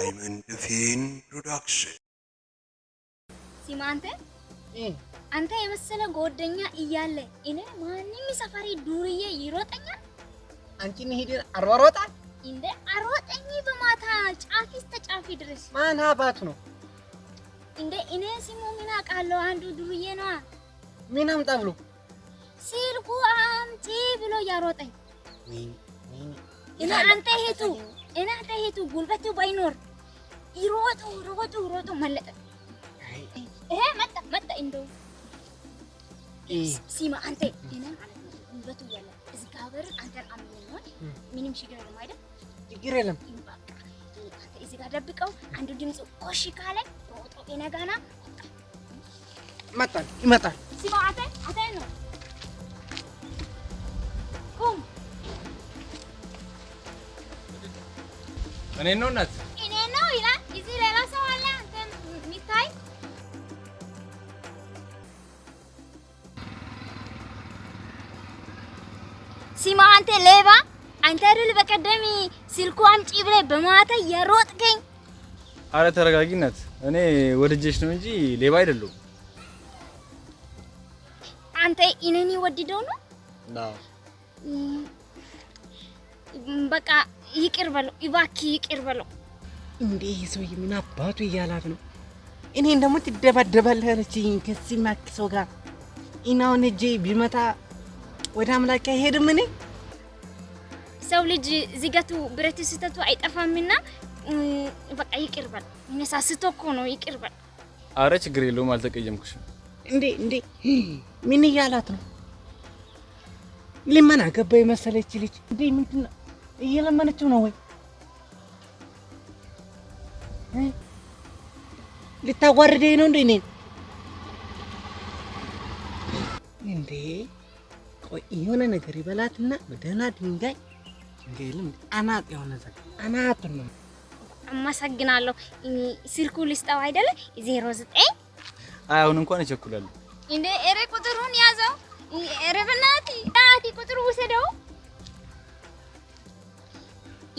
Diamond Fin Production ሲማንተ አንተ የመሰለ ጓደኛ እያለ እኔ ማንም ሰፈሪ ዱርዬ ይሮጠኛል። አንቺን ሂድ አሯሯጣ እንደ አሮጠኝ በማታ ጫፊ እስከ ጫፍ ድረስ ማን አባት ነው እንደ እኔ ስሙ ምን አውቃለሁ። አንዱ ዱርዬ ነዋ። ምን አምጣ ብሎ ስልኩ አምጪ ብሎ ያሮጠኝ እና አንተ ሂቱ እና አንተ ሂቱ ጉልበቱ ባይኖር ይሮጡ ሮጡ ሮጡ መለጠ። ይሄ መጣ መጣ። እንደው ሲማ አንተ ማለት ነው ጉልበቱ ያለ አንተን ምንም ችግር የለም አይደል? ችግር የለም። አንተ እዚህ ጋር ደብቀው። አንዱ ድምፅ ኮሽ ካለ ሮጦ ይመጣል። ሲማ አንተ አንተ ነው ቁም እኔ ነው እናት ሲማ አንተ ሌባ አንተ አይደል በቀደም ስልኩ አምጪ ብለህ በማታ የሮጥከኝ? አረ ተረጋጊነት፣ እኔ ወድጄሽ ነው እንጂ ሌባ አይደለሁም። አንተ እኔን ወድደው ነው? አዎ በቃ ይቅር በለው እባክህ፣ ይቅር በለው። እንዴ ሰውዬ ምን አባቱ እያላት ነው? እኔን ደግሞ ትደባደባለች ከዚህ ማክ ጋር እናውን እጄ ቢመታ ወደ አምላክ አይሄድም። እኔ ሰው ልጅ ዝገቱ ብረት ስተቱ አይጠፋምና በቃ ይቅር በል። የሚያሳስቶ እኮ ነው። ይቅር አረ ችግር የለውም አልተቀየምኩሽም። እንዴ እንዴ ምን እያላት ነው? ልመና ገባ የመሰለች ልጅ እንዴ ምንድን ነው እየለመነችው ነው ወይ ልታዋርደኝ ነው እንዴ እኔን እንዴ ቆይ የሆነ ነገር ይበላትና በደህና ድንጋይ ድንጋይ ልም አናት የሆነ ነገር አናት ነው። አመሰግናለሁ። ስልኩ ልስጠው አይደለ? 09 አሁን እንኳን እቸኩላለሁ እንዴ? ኧረ ቁጥሩን ያዘው። ኧረ በእናትህ ዳቲ ቁጥሩ ውሰደው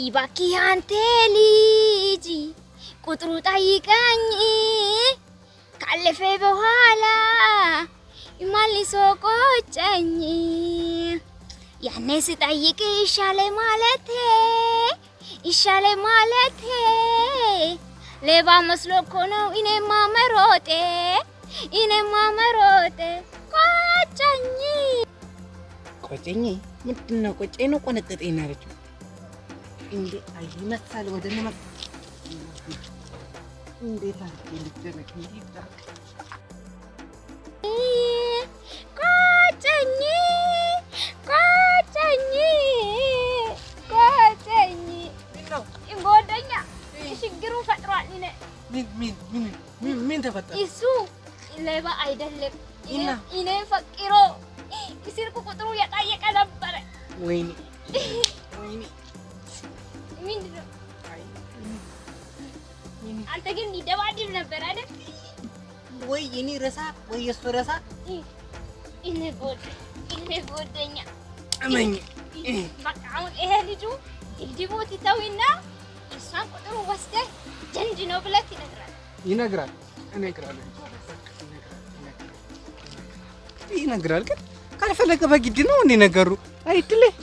እባክህ አንተ ልጅ ቁጥሩ ጠይቀኝ ካለፈ በኋላ መልሶ ቆጨኝ ያኔ ስጠይቅ ይሻለ ማለቴ ይሻለ ማለቴ ሌባ መስሎ እኮ ነው እኔማ መሮጤ እኔማ መሮጤ ቆጨኝ ቆጨኝ ምንድን ነው ቆጨኝ ነው ቆነጠጠኝ ነው እንዴ አይ መሳል ወደ ነው እንዴት አድርጌ ልደረግ እንዴ ችግሩን ፈጥሯል። ምን ተፈጠረ? እሱ ሌባ አይደለም። እኔ ፈቅሮ ስልክ ቁጥሩ የጠየቀ ነበረ። ወይኔ ወይኔ፣ ምንድን ነው አንተ ግን ይደባድብ ነበር አይደል? ወይ እኔ ረሳ ወይ እሱ ረሳ። እኔ ጎደ እኔ ጎደኛ አመኝ። በቃ አሁን ይሄ ልጁ ድብድቡ ትተውና የእሷን ቁጥር ወስደህ ጀንድ ነው ብለት ይነግራል ይነግራል ይነግራል። ግን ካልፈለገ በግድ ነው እንደ ነገሩ አይድልህ